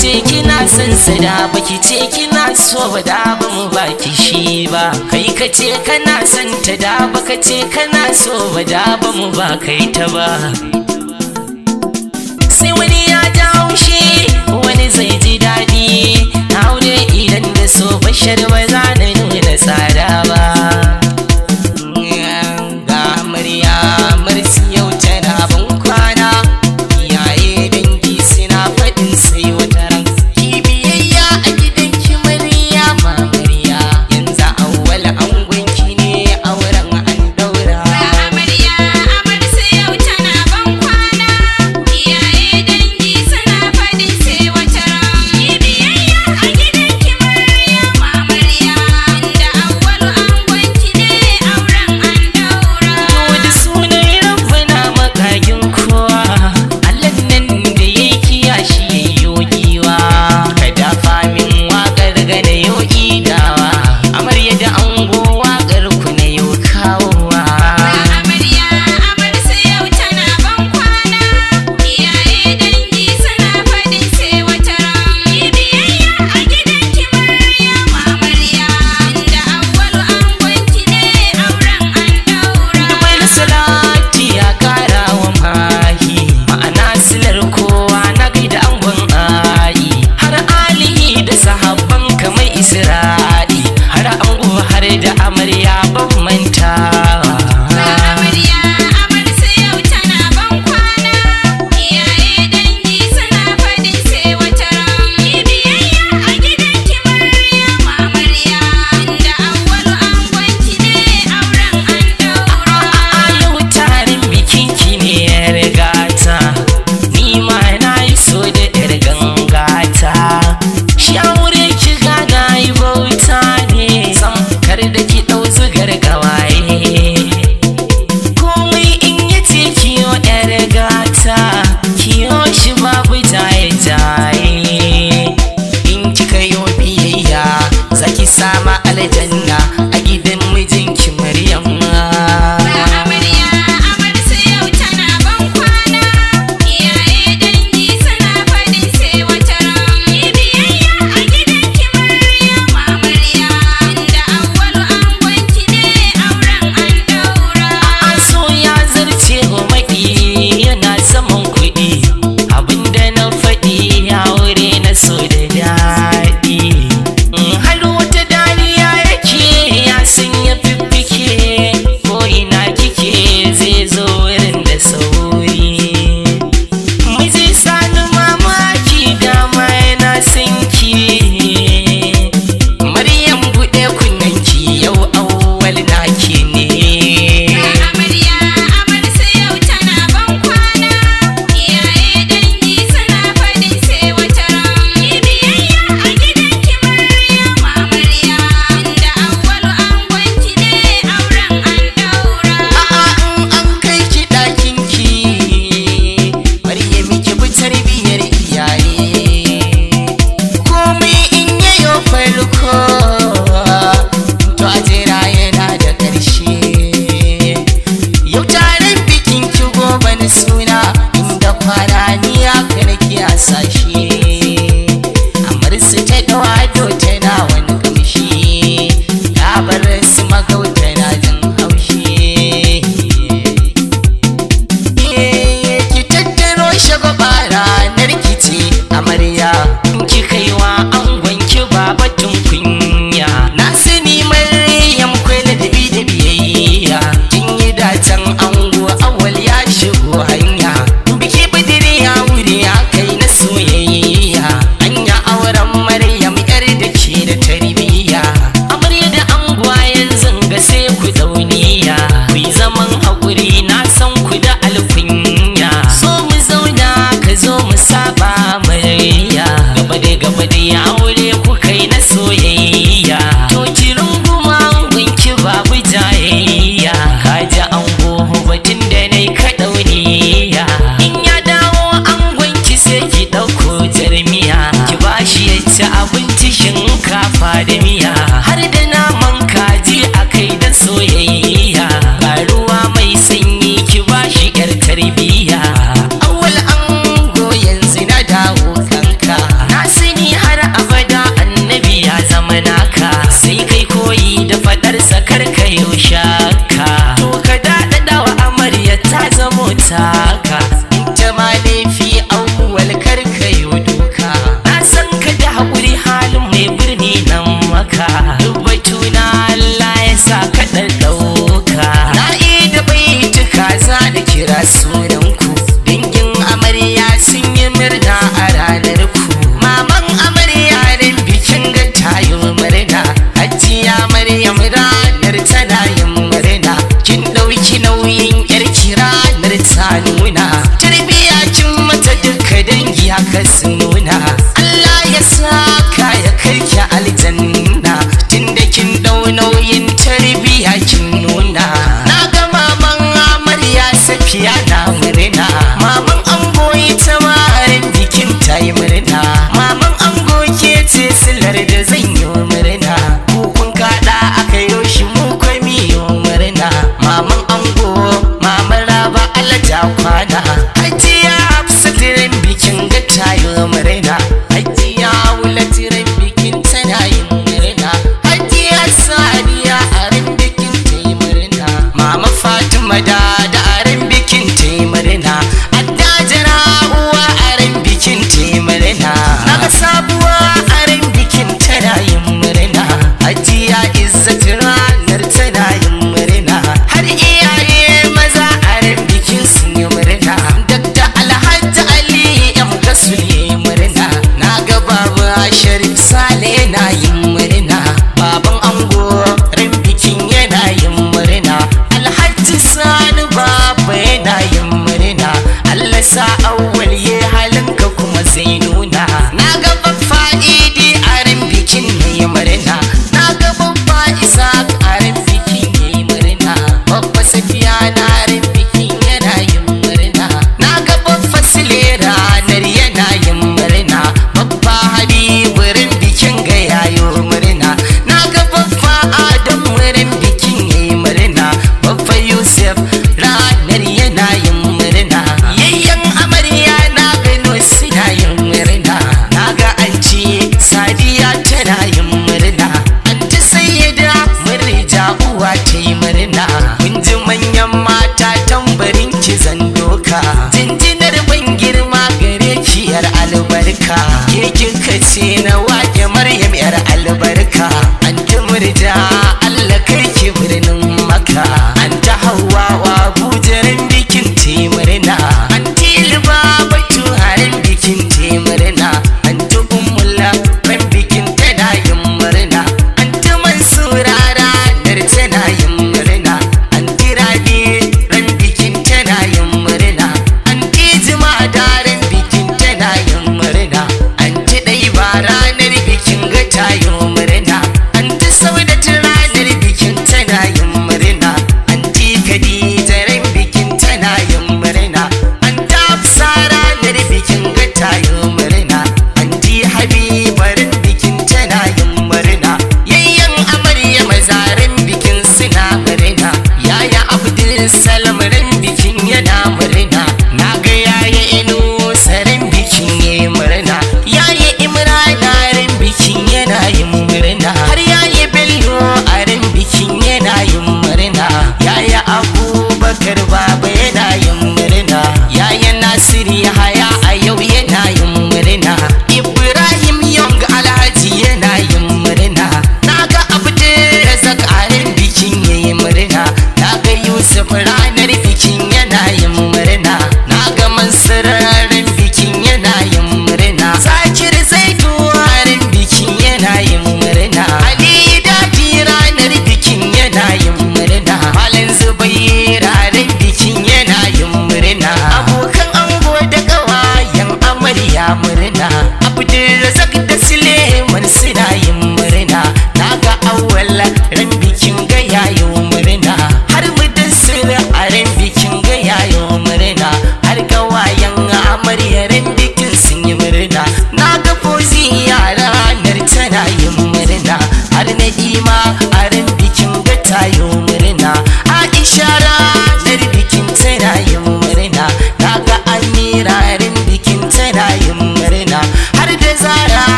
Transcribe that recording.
ce kina son sa da baki ce kina so ba da ba mu baki shi ba kai ka ce kana son ta da baka ce kana so ba da ba mu ba kai ta ba sai wani ya ji haushi wani zai ji daɗi aure idan da so bashar ba maraina sai na Syria है